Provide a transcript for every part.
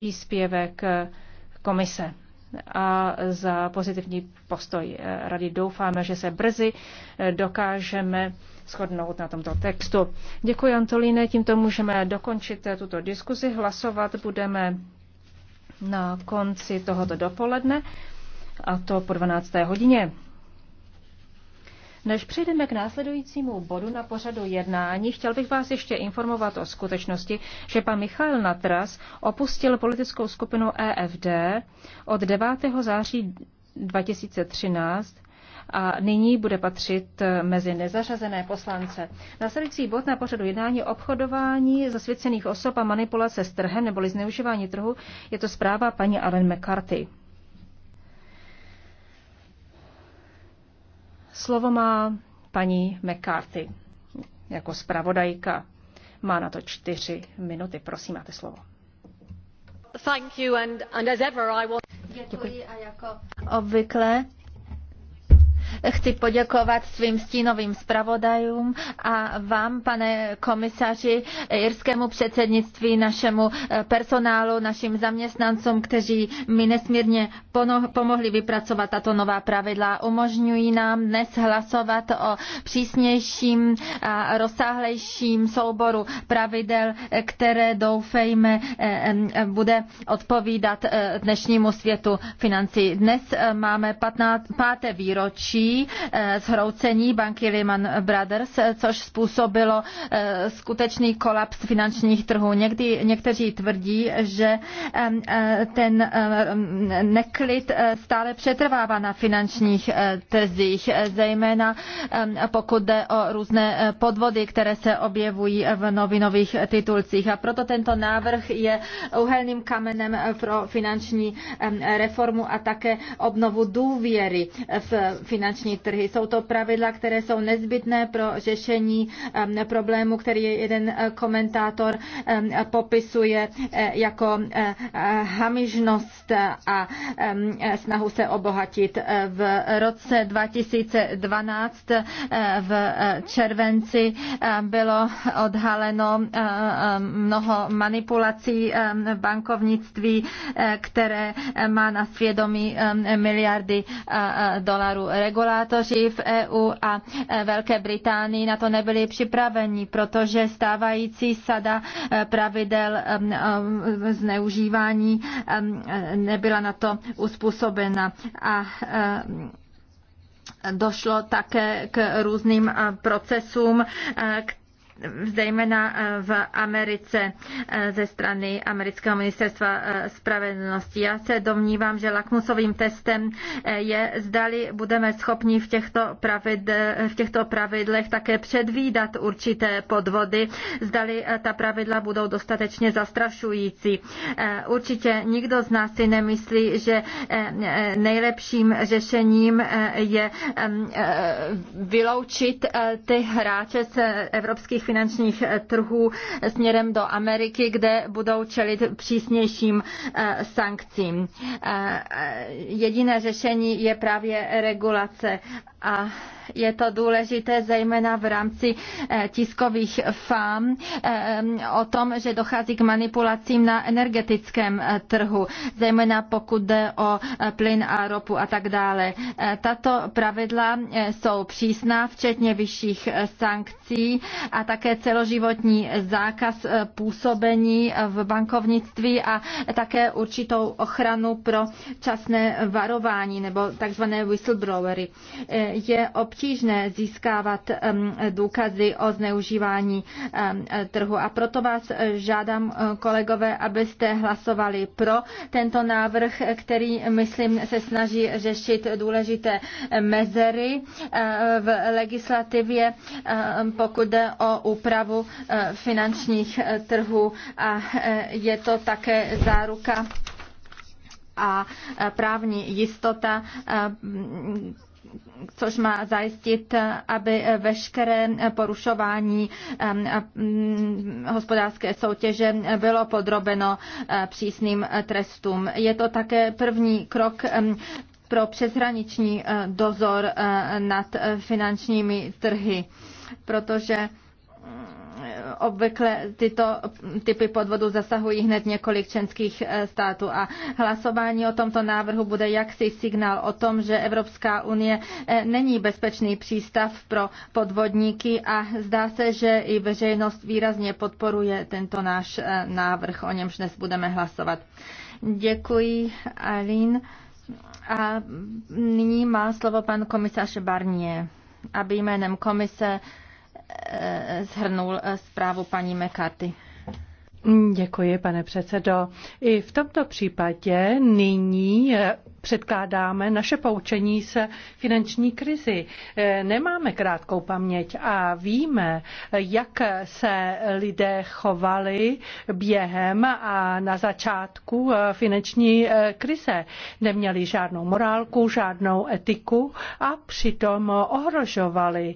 příspěvek komise a za pozitivní postoj rady. Doufáme, že se brzy dokážeme shodnout na tomto textu. Děkuji, Antolíne. Tímto můžeme dokončit tuto diskuzi. Hlasovat budeme na konci tohoto dopoledne, a to po 12. hodině. Než přejdeme k následujícímu bodu na pořadu jednání, chtěl bych vás ještě informovat o skutečnosti, že pan Michal Natras opustil politickou skupinu EFD od 9. září 2013 a nyní bude patřit mezi nezařazené poslance. Následující bod na pořadu jednání obchodování zasvěcených osob a manipulace s trhem neboli zneužívání trhu je to zpráva paní Ellen McCarthy. Slovo má paní McCarthy jako zpravodajka. Má na to čtyři minuty. Prosím, máte slovo. Děkuji a jako obvykle Chci poděkovat svým stínovým zpravodajům a vám, pane komisaři, irskému předsednictví, našemu eh, personálu, našim zaměstnancům, kteří mi nesmírně pomohli vypracovat tato nová pravidla. Umožňují nám dnes hlasovat o přísnějším a rozsáhlejším souboru pravidel, které doufejme eh, bude odpovídat eh, dnešnímu světu financí. Dnes máme 15, páté výročí Eh, zhroucení banky Lehman Brothers, eh, což způsobilo eh, skutečný kolaps finančních trhů. Někdy, někteří tvrdí, že ten neklid stále přetrvává na finančních trzích, zejména pokud jde o různé podvody, které se objevují v novinových titulcích. A proto tento návrh je uhelným kamenem pro finanční reformu a také obnovu důvěry v finanční finanční trhy. Jsou to pravidla, které jsou nezbytné pro řešení um, problému, který jeden uh, komentátor um, popisuje uh, jako uh, hamižnost a um, snahu se obohatit. V roce 2012 v červenci bylo odhaleno mnoho manipulací bankovnictví, které má na svědomí miliardy dolarů. Regulace regulátoři v EU a e, Velké Británii na to nebyli připraveni, protože stávající sada e, pravidel e, zneužívání nebyla na to uspůsobena. A došlo také k různým procesům, zejména eh, v Americe eh, ze strany amerického ministerstva eh, spravedlnosti. Já se domnívám, že lakmusovým testem je, zdali budeme schopni v těchto, pravidle, v těchto pravidlech také předvídat určité podvody, zdali ta pravidla budou dostatečně zastrašující. Určitě nikdo z nás si nemyslí, že nejlepším řešením je vyloučit ty hráče z evropských finančních eh, trhů eh, směrem do Ameriky, kde budou čelit přísnějším eh, sankcím. Jediné řešení je právě regulace a je to důležité zejména v rámci eh, tiskových fám eh, o tom, že dochází k manipulacím na energetickém eh, trhu, zejména pokud jde o plyn a ropu a tak dále. Tato pravidla jsou přísná, včetně vyšších sankcí a také celoživotní zákaz působení v bankovnictví a také určitou ochranu pro časné varování nebo takzvané whistleblowery. Je obč- obtížné získávat důkazy o zneužívání trhu. A proto vás eh, žádám, eh, kolegové, abyste hlasovali pro tento návrh, který, myslím, se snaží řešit důležité eh, mezery v legislativě, pokud jde o úpravu finančních trhů a je to také záruka a právní jistota, což má zajistit, aby veškeré porušování hospodářské soutěže bylo podrobeno eh, přísným trestům. Je to také první krok pro přeshraniční eh, dozor eh, nad finančními trhy, protože obvykle tyto typy podvodu zasahují hned několik členských eh, států a hlasování o tomto návrhu bude jaksi signál o tom, že Evropská unie eh, není bezpečný přístav pro podvodníky a zdá se, že i veřejnost výrazně podporuje tento náš eh, návrh, o němž dnes budeme hlasovat. Děkuji, Alin. A nyní má slovo pan komisař Barnier, aby jménem komise zhrnul eh, eh, zprávu paní McCarthy. Děkuji, pane předsedo. I v tomto případě nyní eh, předkládáme naše poučení se finanční krizi. Nemáme krátkou paměť a víme, jak se lidé chovali během a na začátku finanční krize. Neměli žádnou morálku, žádnou etiku a přitom ohrožovali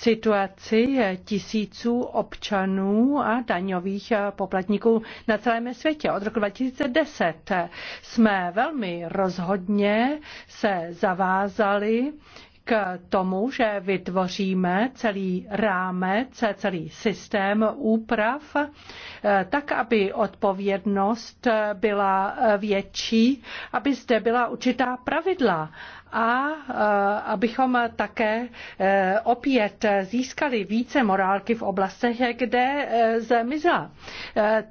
situaci tisíců občanů a daňových poplatníků na celém světě. Od roku 2010 jsme velmi rozhodně se zavázali k tomu, že vytvoříme celý rámec, celý systém úprav, tak aby odpovědnost byla větší, aby zde byla určitá pravidla a eh, abychom také eh, opět získali více morálky v oblastech, kde eh, zmizela.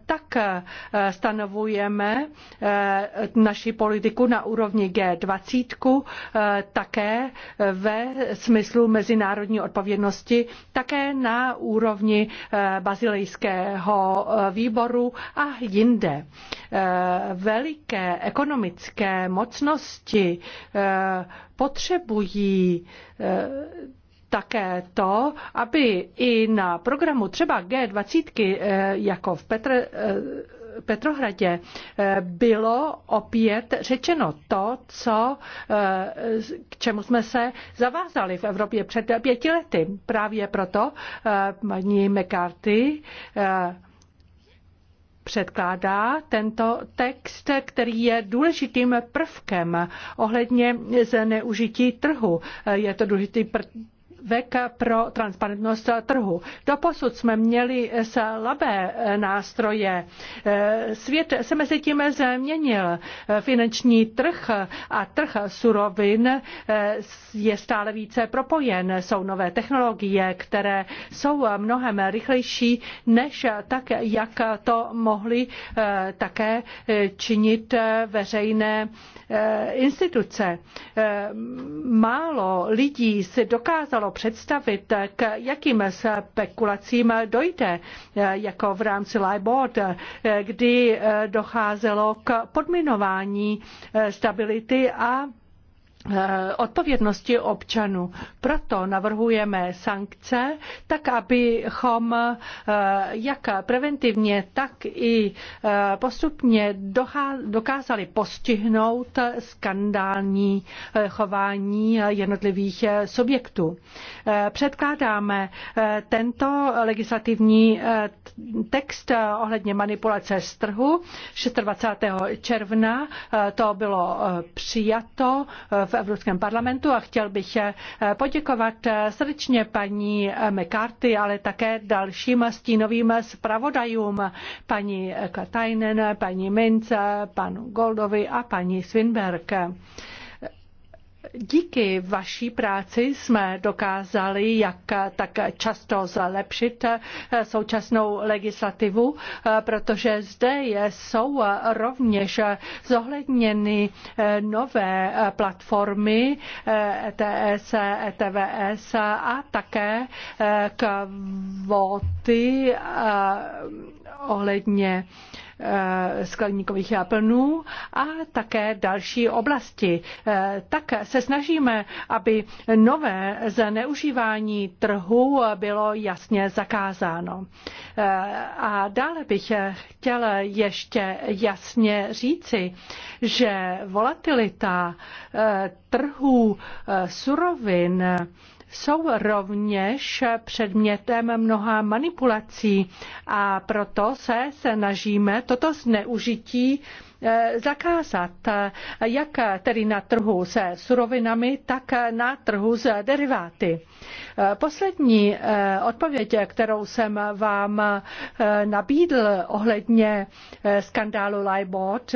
Tak stanovujeme naši politiku na úrovni G20, také ve smyslu mezinárodní odpovědnosti, také na úrovni bazilejského výboru a jinde. Veliké ekonomické mocnosti potřebují eh, také to, aby i na programu třeba G20 eh, jako v Petr, eh, Petrohradě bylo opět řečeno to, co, k čemu jsme se zavázali v Evropě před pěti lety. Právě proto paní McCarthy předkládá tento text, který je důležitým prvkem ohledně zneužití trhu. Je to důležitý prvek pro transparentnost trhu. Doposud jsme měli slabé nástroje. Svět se mezi tím změnil. Finanční trh a trh surovin je stále více propojen. Jsou nové technologie, které jsou mnohem rychlejší než tak, jak to mohly také činit veřejné instituce. Málo lidí si dokázalo představit, k jakým spekulacím dojde, jako v rámci LIBOD, kdy docházelo k podminování stability a Eh, odpovědnosti občanů. Proto navrhujeme sankce, tak abychom eh, jak preventivně, tak i eh, postupně dokázali postihnout skandální chování jednotlivých subjektů. Předkládáme tento legislativní text ohledně manipulace z trhu 26. června. To bylo přijato v Evropském parlamentu a chtěl bych eh, poděkovat eh, srdečně paní eh, McCarthy, ale také dalším stínovým zpravodajům, paní Katainen, paní Mince, panu Goldovi a paní Swinberg. Díky vaší práci jsme dokázali jak tak často zlepšit eh, současnou legislativu, eh, protože zde jsou rovněž zohledněny eh, nové platformy ETS, e ETVS a také kvóty ohledně Eh, skleníkových plnů a také další oblasti. Eh, tak se snažíme, aby nové zneužívání trhu bylo jasně zakázáno. Eh, a dále bych chtěla ještě jasně říci, že volatilita trhů surovin jsou rovněž předmětem mnoha manipulací a proto se snažíme toto zneužití eh, zakázat jak tedy na trhu se surovinami, tak na trhu s deriváty. Eh, poslední eh, odpověď, kterou jsem vám nabídl ohledně skandálu Libot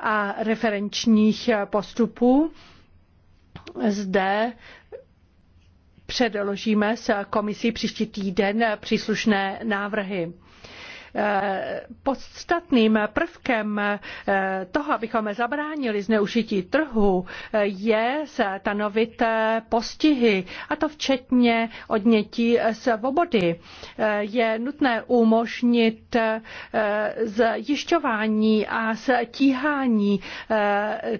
a referenčních postupů, zde předložíme s komisí příští týden příslušné návrhy podstatným prvkem toho, abychom zabránili zneužití trhu, je stanovit postihy, a to včetně odnětí svobody. Je nutné umožnit zjišťování a stíhání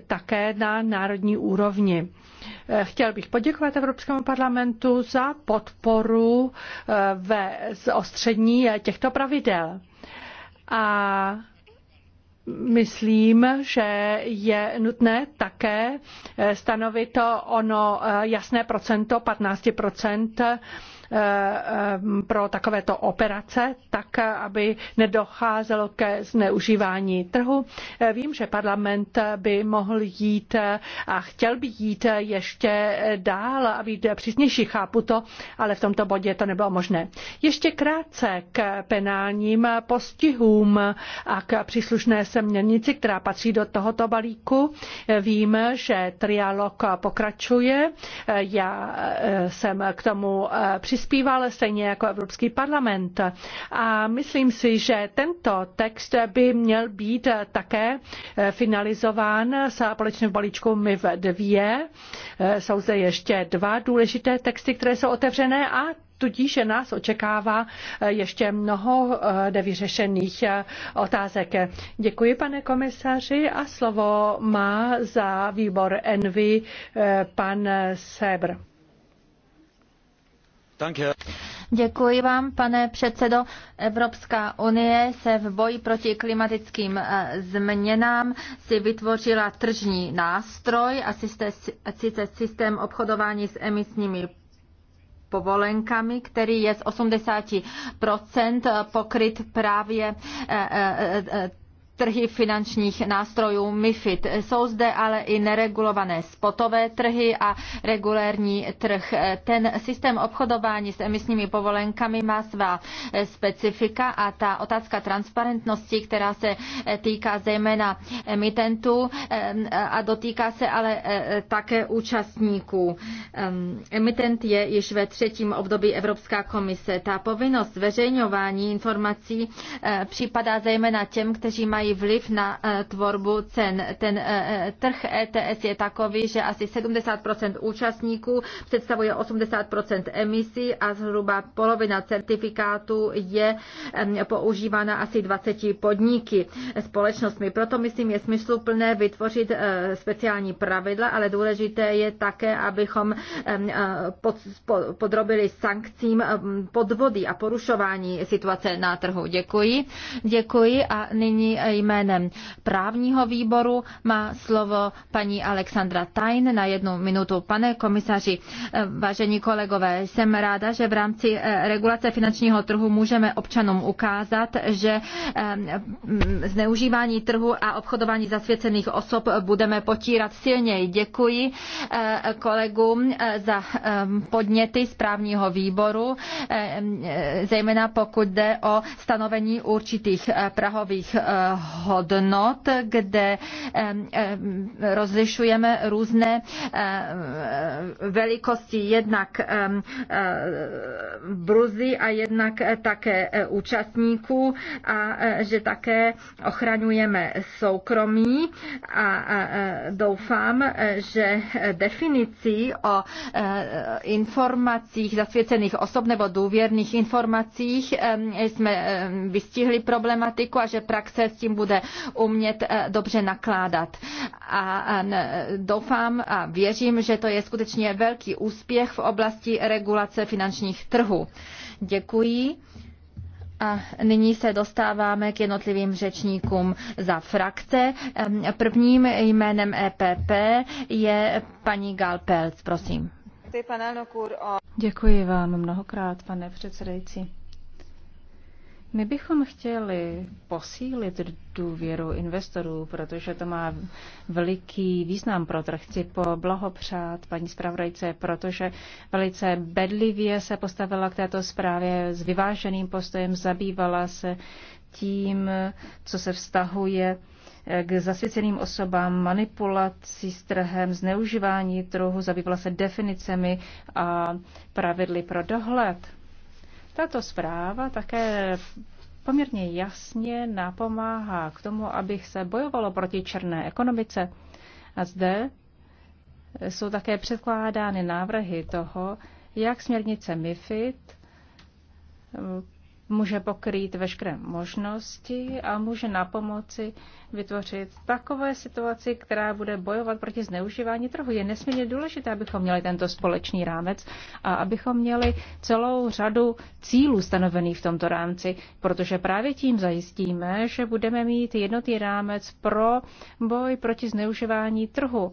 také na národní úrovni. Chtěl bych poděkovat Evropskému parlamentu za podporu eh, ve zostření těchto pravidel. A myslím, že je nutné také eh, stanovit ono eh, jasné procento 15 Eh, pro takovéto operace, tak aby nedocházelo ke zneužívání trhu. Eh, vím, že parlament by mohl jít eh, a chtěl by jít ještě dál a být přísnější, chápu to, ale v tomto bodě to nebylo možné. Ještě krátce k penálním postihům a k příslušné směrnici, která patří do tohoto balíku. Vím, že trialog pokračuje. Já jsem k tomu přispěla přispíval stejně jako Evropský parlament. A myslím si, že tento text by měl být také eh, finalizován s v balíčku MIV 2. Eh, jsou zde ještě dva důležité texty, které jsou otevřené a tudíž nás očekává eh, ještě mnoho nevyřešených otázek. Děkuji, pane komisaři, a slovo má za výbor Envy pan Sebr. Děkuji vám, pane předsedo. Evropská unie se v boji proti klimatickým eh, změnám si vytvořila tržní nástroj a sice systém obchodování s emisními povolenkami, který je z 80% pokryt právě eh, eh, trhy finančních nástrojů MIFID. Jsou zde ale i neregulované spotové trhy a regulérní trh. Ten systém obchodování s emisními povolenkami má svá specifika a ta otázka transparentnosti, která se týká zejména emitentů eh, a dotýká se ale eh, také účastníků. Ehm, emitent je již ve třetím období Evropská komise. Ta povinnost zveřejňování informací eh, připadá zejména těm, kteří mají mají vliv na eh, tvorbu cen. Ten eh, eh, trh ETS je takový, že asi 70 účastníků představuje 80 emisí a zhruba polovina certifikátů je používána asi 20 podniky společnostmi. Proto myslím, je smysluplné vytvořit speciální pravidla, ale důležité je také, abychom podrobili sankcím podvody a porušování situace na trhu. Děkuji. Děkuji a nyní jménem právního výboru má slovo paní Alexandra Tajn na jednu minutu. Pane komisaři, eh, vážení kolegové, jsem ráda, že v rámci eh, regulace finančního trhu můžeme občanům ukázat, že eh, zneužívání trhu a obchodování zasvěcených osob budeme potírat silněji. Děkuji kolegům za podněty z právního výboru, zejména pokud jde o stanovení určitých prahových hodnot, kde rozlišujeme různé velikosti jednak bruzy a jednak také e, účastníků a e, že také ochraňujeme soukromí a e, doufám, že definicí o informacích zasvěcených osob nebo důvěrných informacích jsme vystihli problematiku a že praxe s tím bude umět eh, dobře nakládat. A doufám a věřím, že to je skutečně velký úspěch v oblasti regulace finančních trhů. Děkuji. A nyní se dostáváme k jednotlivým řečníkům za frakce. Prvním jménem EPP je paní Galpelc, prosím. Děkuji vám mnohokrát, pane předsedající. My bychom chtěli posílit důvěru investorů, protože to má veliký význam pro trh. Chci poblahopřát paní zpravodajce, protože velice bedlivě se postavila k této zprávě s vyváženým postojem, zabývala se tím, co se vztahuje k zasvěceným osobám, manipulací s trhem, zneužívání trhu, zabývala se definicemi a pravidly pro dohled tato zpráva také poměrně jasně napomáhá k tomu, aby se bojovalo proti černé ekonomice. A zde jsou také předkládány návrhy toho, jak směrnice MIFID může pokrýt veškeré možnosti a může na pomoci vytvořit takové situaci, která bude bojovat proti zneužívání trhu. Je nesmírně důležité, abychom měli tento společný rámec a abychom měli celou řadu cílů stanovených v tomto rámci, protože právě tím zajistíme, že budeme mít jednotný rámec pro boj proti zneužívání trhu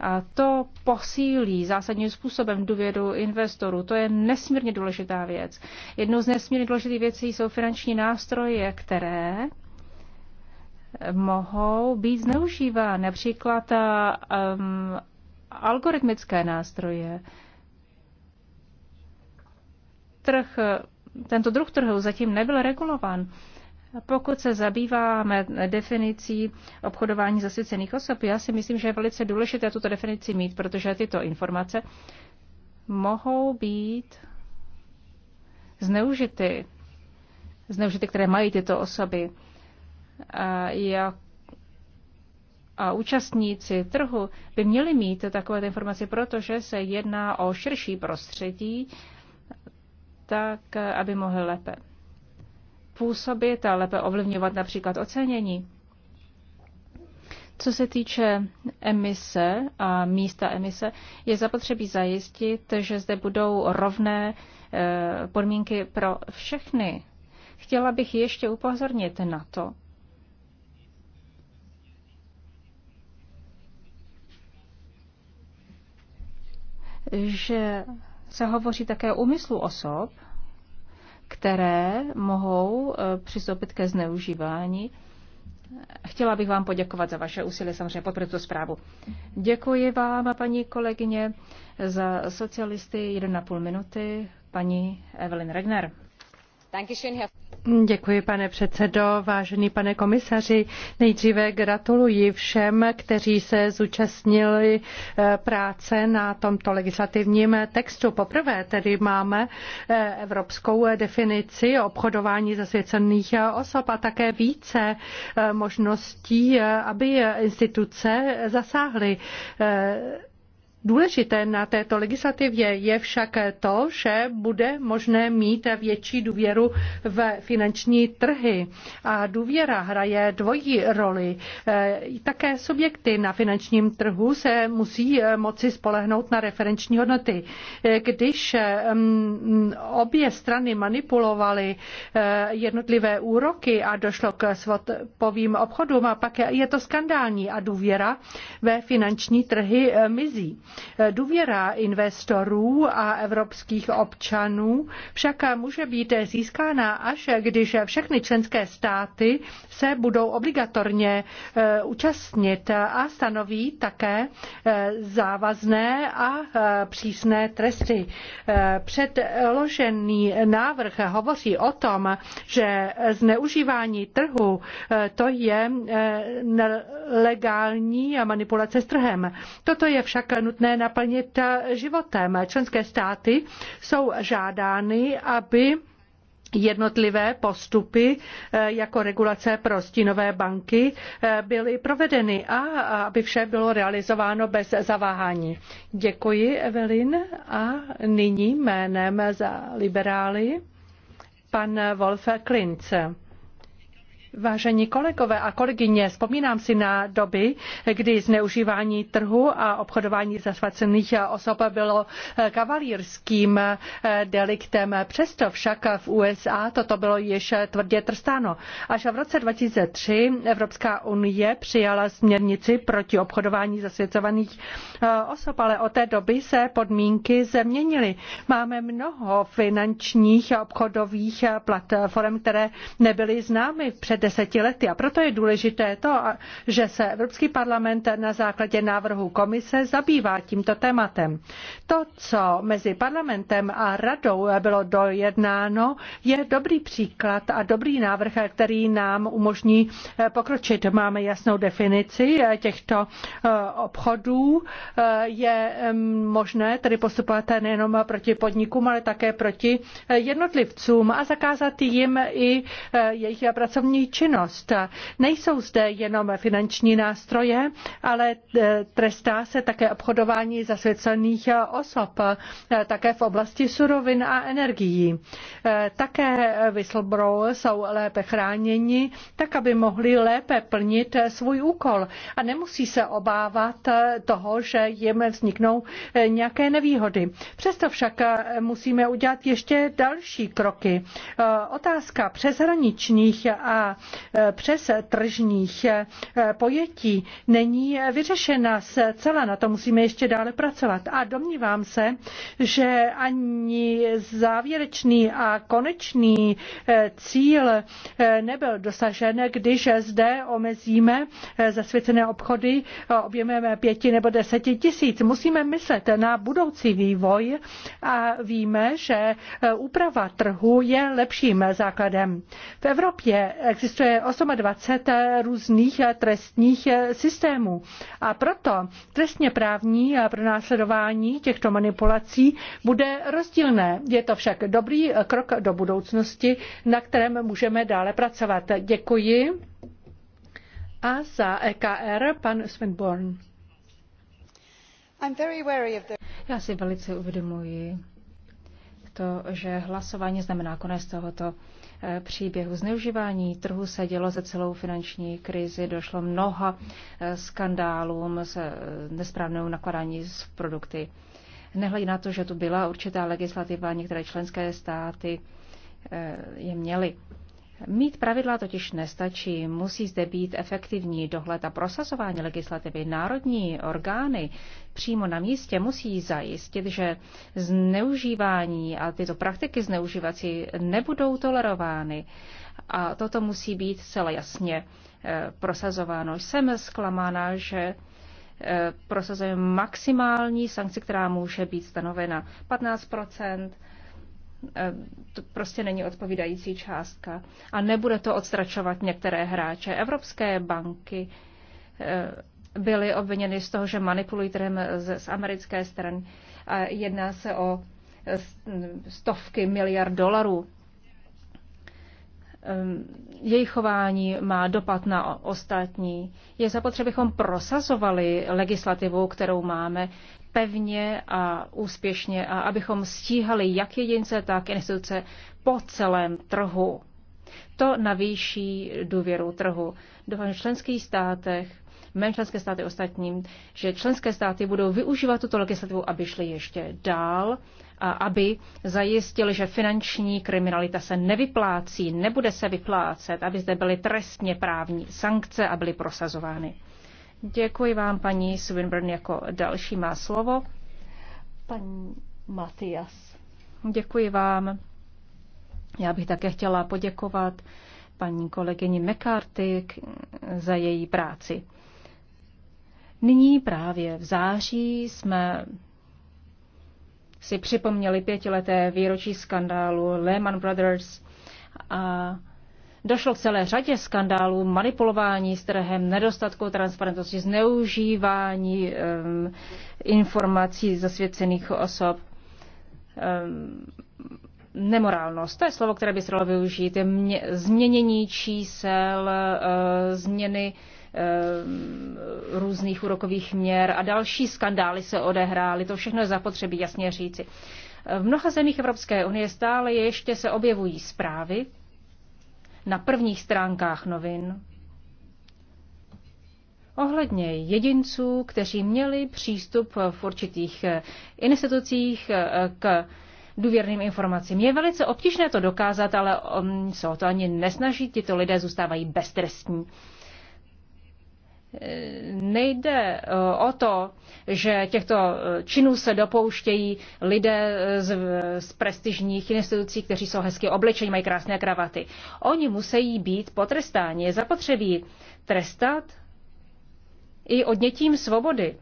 a to posílí zásadním způsobem důvěru investorů. To je nesmírně důležitá věc. Jednou z nesmírně důležitých věcí jsou finanční nástroje, které mohou být zneužívány. Například um, algoritmické nástroje. Trh, tento druh trhu zatím nebyl regulován. Pokud se zabýváme definicí obchodování zasvěcených osob, já si myslím, že je velice důležité tuto definici mít, protože tyto informace mohou být zneužity, zneužity, které mají tyto osoby. A, jak, a účastníci trhu by měli mít takové informace, protože se jedná o širší prostředí, tak aby mohli lépe působit a lépe ovlivňovat například ocenění. Co se týče emise a místa emise, je zapotřebí zajistit, že zde budou rovné eh, podmínky pro všechny. Chtěla bych ještě upozornit na to, že se hovoří také o úmyslu osob, které mohou eh, přistoupit ke zneužívání. Chtěla bych vám poděkovat za vaše úsilí, samozřejmě podporu tu zprávu. Děkuji vám, paní kolegyně, za socialisty 1,5 minuty, paní Evelyn Regner. Děkuji, pane předsedo, vážený pane komisaři. Nejdříve gratuluji všem, kteří se zúčastnili eh, práce na tomto legislativním textu. Poprvé tedy máme eh, evropskou definici obchodování zasvěcených osob a také více eh, možností, aby instituce zasáhly Důležité na této legislativě je však to, že bude možné mít větší důvěru v finanční trhy. A důvěra hraje dvojí roli. E, také subjekty na finančním trhu se musí e, moci spolehnout na referenční hodnoty. E, když obě strany manipulovaly jednotlivé úroky a došlo k svapovým obchodům, a pak je to skandální a důvěra ve finanční trhy mizí. Důvěra investorů a evropských občanů však může být získána až když všechny členské státy se budou obligatorně eh, účastnit a stanoví také eh, závazné a eh, přísné tresty. Předložený návrh hovoří o tom, že zneužívání trhu to je legální manipulace s trhem. Toto je však nutné nutné naplnit životem. Členské státy jsou žádány, aby jednotlivé postupy eh, jako regulace pro stínové banky eh, byly provedeny a aby vše bylo realizováno bez zaváhání. Děkuji, Evelyn. A nyní jménem za liberály pan Wolf Klince. Vážení kolegové a kolegyně, vzpomínám si na doby, kdy zneužívání trhu a obchodování zasvacených osob bylo eh, kavalírským eh, deliktem. Přesto však v USA toto bylo již tvrdě trstáno. Až v roce 2003 Evropská unie přijala směrnici proti obchodování zasvěcovaných eh, osob, ale od té doby se podmínky změnily. Máme mnoho finančních obchodových platform, které nebyly známy před deseti lety. A proto je důležité to, že se Evropský parlament na základě návrhu komise zabývá tímto tématem. To, co mezi parlamentem a radou bylo dojednáno, je dobrý příklad a dobrý návrh, který nám umožní eh, pokročit. Máme jasnou definici eh, těchto eh, obchodů. Je možné tedy postupovat nejenom proti podnikům, ale také proti jednotlivcům a zakázat jim i jejich pracovní činnost. Nejsou zde jenom finanční nástroje, ale eh, trestá se také obchodování zasvěcených eh, osob, eh, také v oblasti surovin a energií. Také whistleblower jsou lépe chráněni, tak aby mohli lépe plnit svůj úkol a nemusí se obávat toho, že jim vzniknou nějaké nevýhody. Přesto však musíme udělat ještě další kroky. Otázka přeshraničních a Eh, přes tržních eh, pojetí není vyřešena zcela. Na to musíme ještě dále pracovat. A domnívám se, že ani závěrečný a konečný eh, cíl nebyl dosažen, když zde omezíme zasvěcené obchody objemem pěti nebo deseti tisíc. Musíme myslet na budoucí vývoj a víme, že úprava trhu je lepším základem. V Evropě existuje existuje 28 různých trestních systémů. A proto trestně právní a pronásledování těchto manipulací bude rozdílné. Je to však dobrý krok do budoucnosti, na kterém můžeme dále pracovat. Děkuji. A za EKR pan Svenborn. Já si velice uvědomuji to, že hlasování znamená konec tohoto příběhu zneužívání trhu se dělo ze celou finanční krizi. Došlo mnoha eh, skandálům s eh, nesprávnou nakladání s produkty. Nehledě na to, že tu byla určitá legislativa, některé členské státy eh, je měly. Mít pravidla totiž nestačí, musí zde být efektivní dohled a prosazování legislativy. Národní orgány přímo na místě musí zajistit, že zneužívání a tyto praktiky zneužívací nebudou tolerovány. A toto musí být celé jasně eh, prosazováno. Jsem zklamána, že eh, prosazujeme maximální sankci, která může být stanovena 15 Eh, to prostě není odpovídající částka. A nebude to odstračovat některé hráče. Evropské banky eh, byly obviněny z toho, že manipulují trhem z, z americké strany. A jedná se o eh, stovky miliard dolarů. Jejich chování má dopad na ostatní. Je zapotřebí, abychom prosazovali legislativu, kterou máme, pevně a úspěšně a abychom stíhali jak jedince, tak instituce po celém trhu. To navýší důvěru trhu. Doufám, v členských státech, mém členské státy ostatním, že členské státy budou využívat tuto legislativu, aby šly ještě dál a aby zajistili, že finanční kriminalita se nevyplácí, nebude se vyplácet, aby zde byly trestně právní sankce a byly prosazovány. Děkuji vám, paní Swinburne, jako další má slovo. Paní Matias. Děkuji vám. Já bych také chtěla poděkovat paní kolegyni McCarthy za její práci. Nyní právě v září jsme si připomněli pětileté výročí skandálu Lehman Brothers a Došlo k celé řadě skandálů, manipulování s trhem, nedostatku transparentnosti, zneužívání um, informací zasvěcených osob. Um, nemorálnost, to je slovo, které by se dalo využít, je mě, změnění čísel, uh, změny uh, různých úrokových měr a další skandály se odehrály. To všechno je zapotřebí jasně říci. V mnoha zemích Evropské unie stále ještě se objevují zprávy, na prvních stránkách novin ohledně jedinců, kteří měli přístup v určitých eh, institucích eh, k důvěrným informacím. Je velice obtížné to dokázat, ale mm, se o to ani nesnaží, tyto lidé zůstávají beztrestní nejde eh, o to, že těchto eh, činů se dopouštějí lidé z, z prestižních institucí, kteří jsou hezky oblečení, mají krásné kravaty. Oni musí být potrestáni. Je zapotřebí trestat i odnětím svobody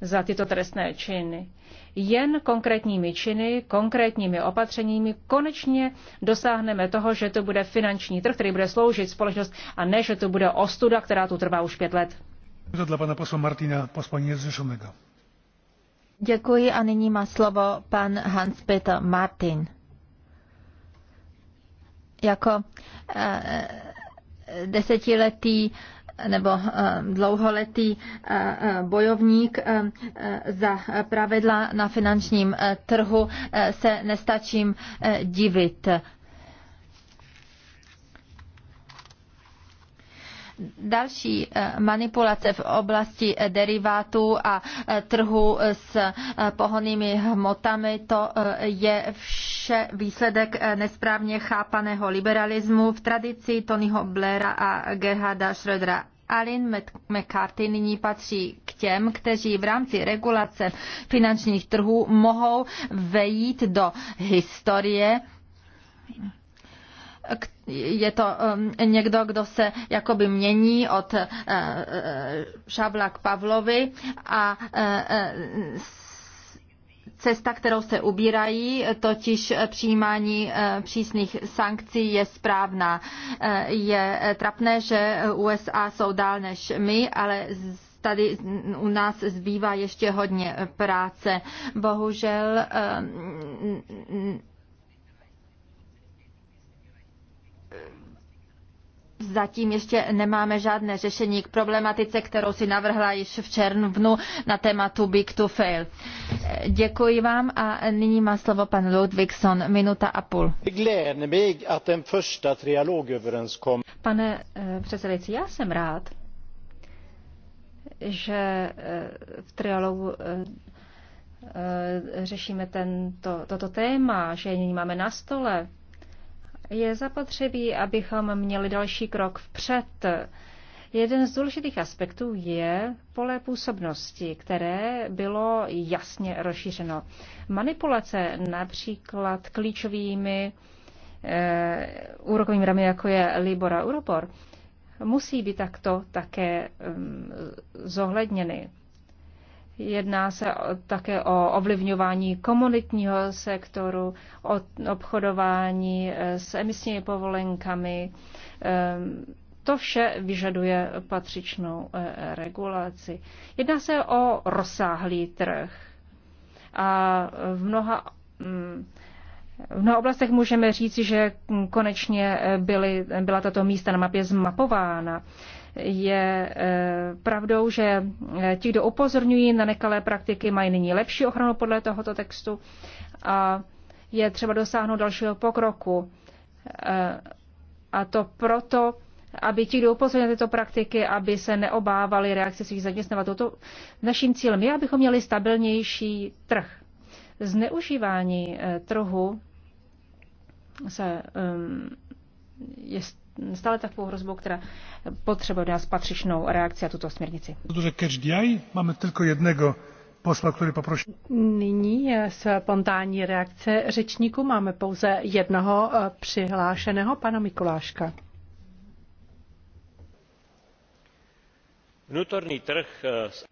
za tyto trestné činy. Jen konkrétními činy, konkrétními opatřeními konečně dosáhneme toho, že to bude finanční trh, který bude sloužit společnost a ne, že to bude ostuda, která tu trvá už pět let. To dla pana posla Martina Děkuji a nyní má slovo pan Hans-Peter Martin. Jako eh, desetiletý nebo eh, dlouholetý eh, eh, bojovník za pravidla na finančním trhu se nestačím divit. další eh, manipulace v oblasti eh, derivátů a eh, trhu s pohonými hmotami, to je vše výsledek nesprávně chápaného liberalismu v tradici Tonyho Blaira a Gerharda Schrödera. Alin McCarthy nyní patří k těm, kteří v rámci regulace finančních trhů mohou vejít do historie je to um, někdo, kdo se jakoby mění od eh, eh, Šavla k Pavlovi a eh, cesta, kterou se ubírají, totiž přijímání přísných sankcí je správná. Je trapné, že USA jsou dál než my, ale tady u nás zbývá ještě hodně práce. Bohužel zatím ještě nemáme žádné řešení k problematice, kterou si navrhla již v červnu na téma Too Big to Fail. Děkuji vám a nyní má slovo pan Ludvíkson, minuta a půl. Pane eh, předsedající, já jsem rád, že eh, v trialogu eh, řešíme tento, toto téma, že nyní máme na stole je zapotřebí, abychom měli další krok vpřed. Jeden z důležitých aspektů je pole působnosti, které bylo jasně rozšířeno. Manipulace například klíčovými e, úrokovými ramy, jako je Libor a Europor, musí být takto také mm, zohledněny. Jedná se také o ovlivňování komunitního sektoru, o obchodování e, s emisními povolenkami. E, to vše vyžaduje patřičnou e, regulaci. Jedná se o rozsáhlý trh. A v mnoha mm, v mnoha oblastech můžeme říci, že konečně byly, byla tato místa na mapě zmapována. Je eh, pravdou, že eh, ti, kdo upozorňují na nekalé praktiky, mají nyní lepší ochranu podle tohoto textu a je třeba dosáhnout dalšího pokroku. Eh, a to proto, aby ti, kdo upozorňují na tyto praktiky, aby se neobávali reakce svých zaměstnavatelů. To naším cílem je, abychom měli stabilnější trh. Zneužívání trhu se, ehm, je stále takovou hrozbou, která potřebuje nás patřičnou reakci a tuto směrnici. máme tylko jednego posla, který poprosí. Nyní je spontánní reakce řečníku. Máme pouze jednoho eh, přihlášeného, pana Mikuláška. Vnútorný trh s eh,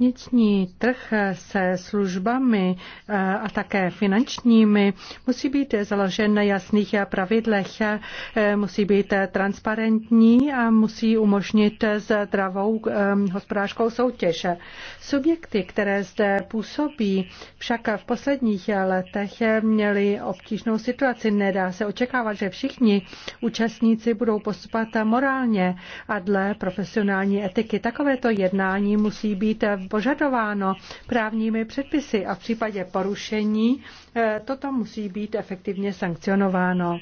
Vnitřní trh se službami eh, a také finančními musí být založen na jasných pravidlech, eh, musí být transparentní a musí umožnit zdravou eh, hospodářskou soutěž. Subjekty, které zde působí, však v posledních letech měly obtížnou situaci. Nedá se očekávat, že všichni účastníci budou postupovat morálně a dle profesionální etiky. Takovéto jednání musí být požadováno právními předpisy a v případě porušení eh, toto musí být efektivně sankcionováno.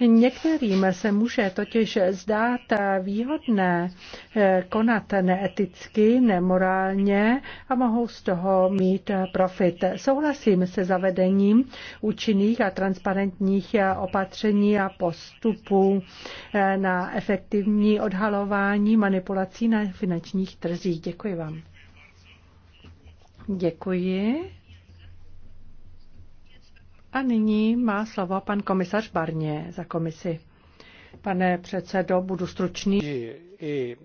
Některým se může totiž zdát výhodné eh, konat neeticky, nemorálně a mohou z toho mít profit. Souhlasím se zavedením účinných a transparentních opatření a postupů eh, na efektivní odhalování manipulací na finančních trzích. Děkuji vám. Děkuji. A nyní má slovo pan komisař Barně za komisi. Pane předsedo, budu stručný. E,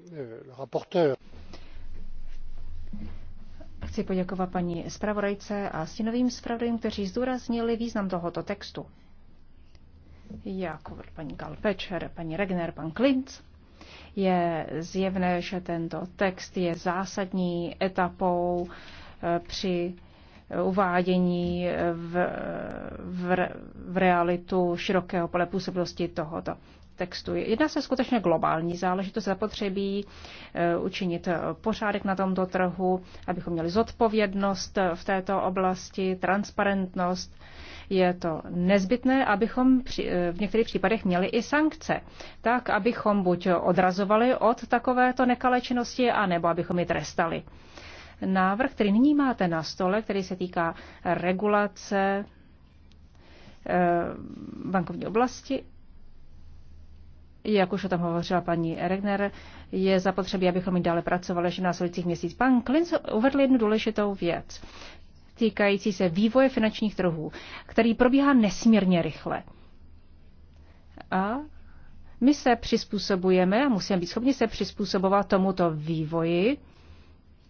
Chci poděkovat paní zpravodajce a stinovým zpravodajům, kteří zdůraznili význam tohoto textu. Jako paní Galpečer, paní Regner, pan Klinc. Je zjevné, že tento text je zásadní etapou uh, při uvádění v, v, v realitu širokého pole působnosti tohoto textu. Jedná se skutečně globální záležitost, zapotřebí eh, učinit pořádek na tomto trhu, abychom měli zodpovědnost v této oblasti, transparentnost. Je to nezbytné, abychom eh, v některých případech měli i sankce, tak abychom buď odrazovali od takovéto nekalé činnosti, anebo abychom je trestali návrh, který nyní máte na stole, který se týká regulace eh, bankovní oblasti, jak už o tom hovořila paní Regner, je zapotřebí, abychom i dále pracovali ještě v následujících měsících. Pan Klinc uvedl jednu důležitou věc týkající se vývoje finančních trhů, který probíhá nesmírně rychle. A my se přizpůsobujeme a musíme být schopni se přizpůsobovat tomuto vývoji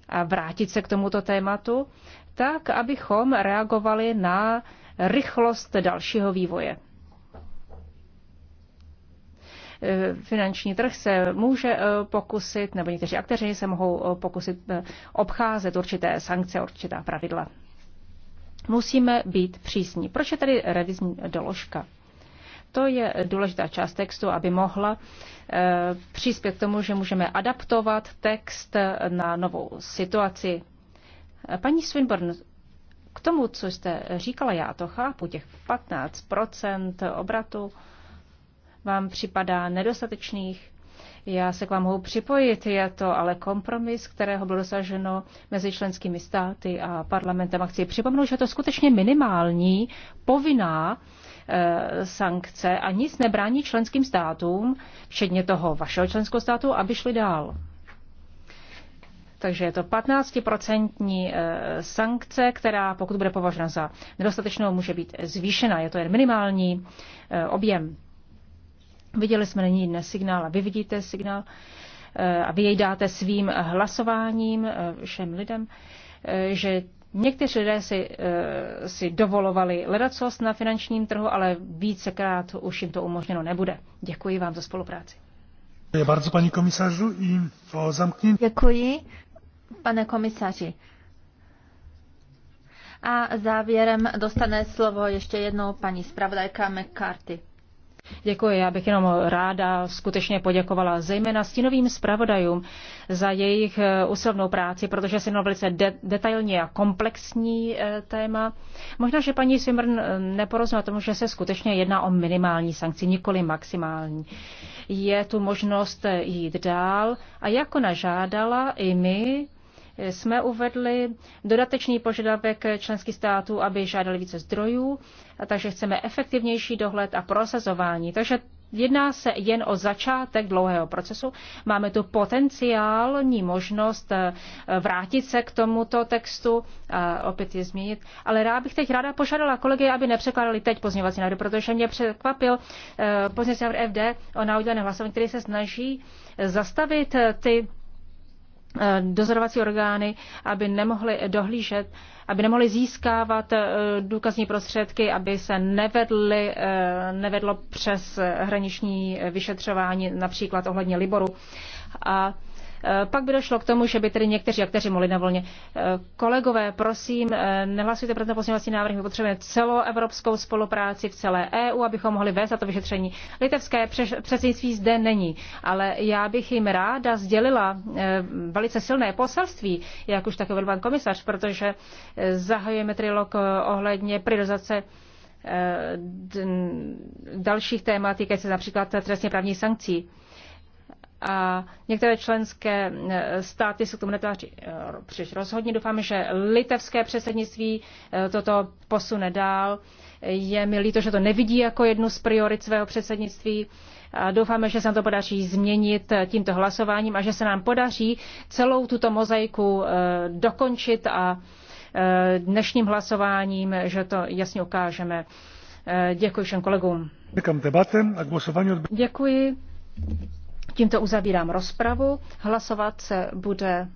a vrátit se k tomuto tématu, tak abychom reagovali na rychlost dalšího vývoje. E, finanční trh se může e, pokusit, nebo někteří akteři se mohou e, pokusit obcházet určité sankce, určitá pravidla. Musíme být přísní. Proč je tady revizní doložka? to je důležitá část textu, aby mohla eh, přispět k tomu, že můžeme adaptovat text na novou situaci. Eh, paní Swinburne, k tomu, co jste říkala, já to chápu, těch 15 obratu vám připadá nedostatečných. Já se k vám mohu připojit, je to ale kompromis, kterého bylo dosaženo mezi členskými státy a parlamentem. A chci připomenout, že je to skutečně minimální, povinná eh, sankce a nic nebrání členským státům, včetně toho vašeho členského státu, aby šli dál. Takže je to 15% eh, sankce, která pokud bude považena za nedostatečnou, může být zvýšena. Je to jen minimální eh, objem. Viděli jsme není dnes signál a vy vidíte signál eh, a vy jej dáte svým hlasováním eh, všem lidem, eh, že někteří lidé si, si dovolovali ledacost na finančním trhu, ale vícekrát už jim to umožněno nebude. Děkuji vám za spolupráci. Děkuji bardzo, paní komisařu, i to zamknění. Děkuji, pane komisaři. A závěrem dostane slovo ještě jednou paní zpravodajka McCarthy. Děkuji, já bych jenom ráda skutečně poděkovala zejména stínovým zpravodajům za jejich eh, usilovnou práci, protože se jednalo velice de- detailní a komplexní e, téma. Možná, že paní Simrn eh, neporozuměla tomu, že se skutečně jedná o minimální sankci, nikoli maximální. Je tu možnost jít dál a jako nažádala i my jsme uvedli dodatečný požadavek členských států, aby žádali více zdrojů, a takže chceme efektivnější dohled a prosazování. Takže Jedná se jen o začátek dlouhého procesu. Máme tu potenciální možnost eh, vrátit se k tomuto textu, a opět je změnit. Ale rád bych teď ráda požádala kolegy, aby nepřekládali teď pozměňovací návrhy, protože mě překvapil eh, pozměňovací návrh FD o náhodě hlasování, který se snaží zastavit eh, ty Eh, dozorovací orgány, aby nemohly dohlížet, aby nemohly získávat eh, důkazní prostředky, aby se nevedly, eh, nevedlo přes hraniční vyšetřování, například ohledně Liboru. A Eh, pak by došlo k tomu, že by tedy někteří akteři mohli na volně. Eh, kolegové, prosím, eh, nehlasujte pro ten pozměňovací návrh. My potřebujeme celoevropskou spolupráci v celé EU, abychom mohli vést za to vyšetření. Litevské předsednictví zde není, ale já bych jim ráda sdělila velice silné poselství, jak už takový pan komisař, protože zahajujeme trilog ohledně priorizace dalších témat, týkající se například trestně právních sankcí a některé členské e, státy se k tomu netváří e, příliš rozhodně. Doufám, že litevské předsednictví e, toto posune dál. Je mi líto, že to nevidí jako jednu z priorit svého předsednictví. A doufáme, že se nám to podaří změnit tímto hlasováním a že se nám podaří celou tuto mozaiku dokončit a dnešním hlasováním, že to jasně ukážeme. Děkuji všem kolegům. Děkuji. Tímto uzavírám rozpravu. Hlasovat se bude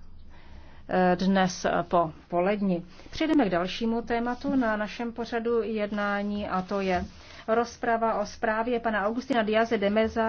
eh, dnes po poledni. Přejdeme k dalšímu tématu na našem pořadu jednání a to je rozprava o zprávě pana Augustina Diaze de Meza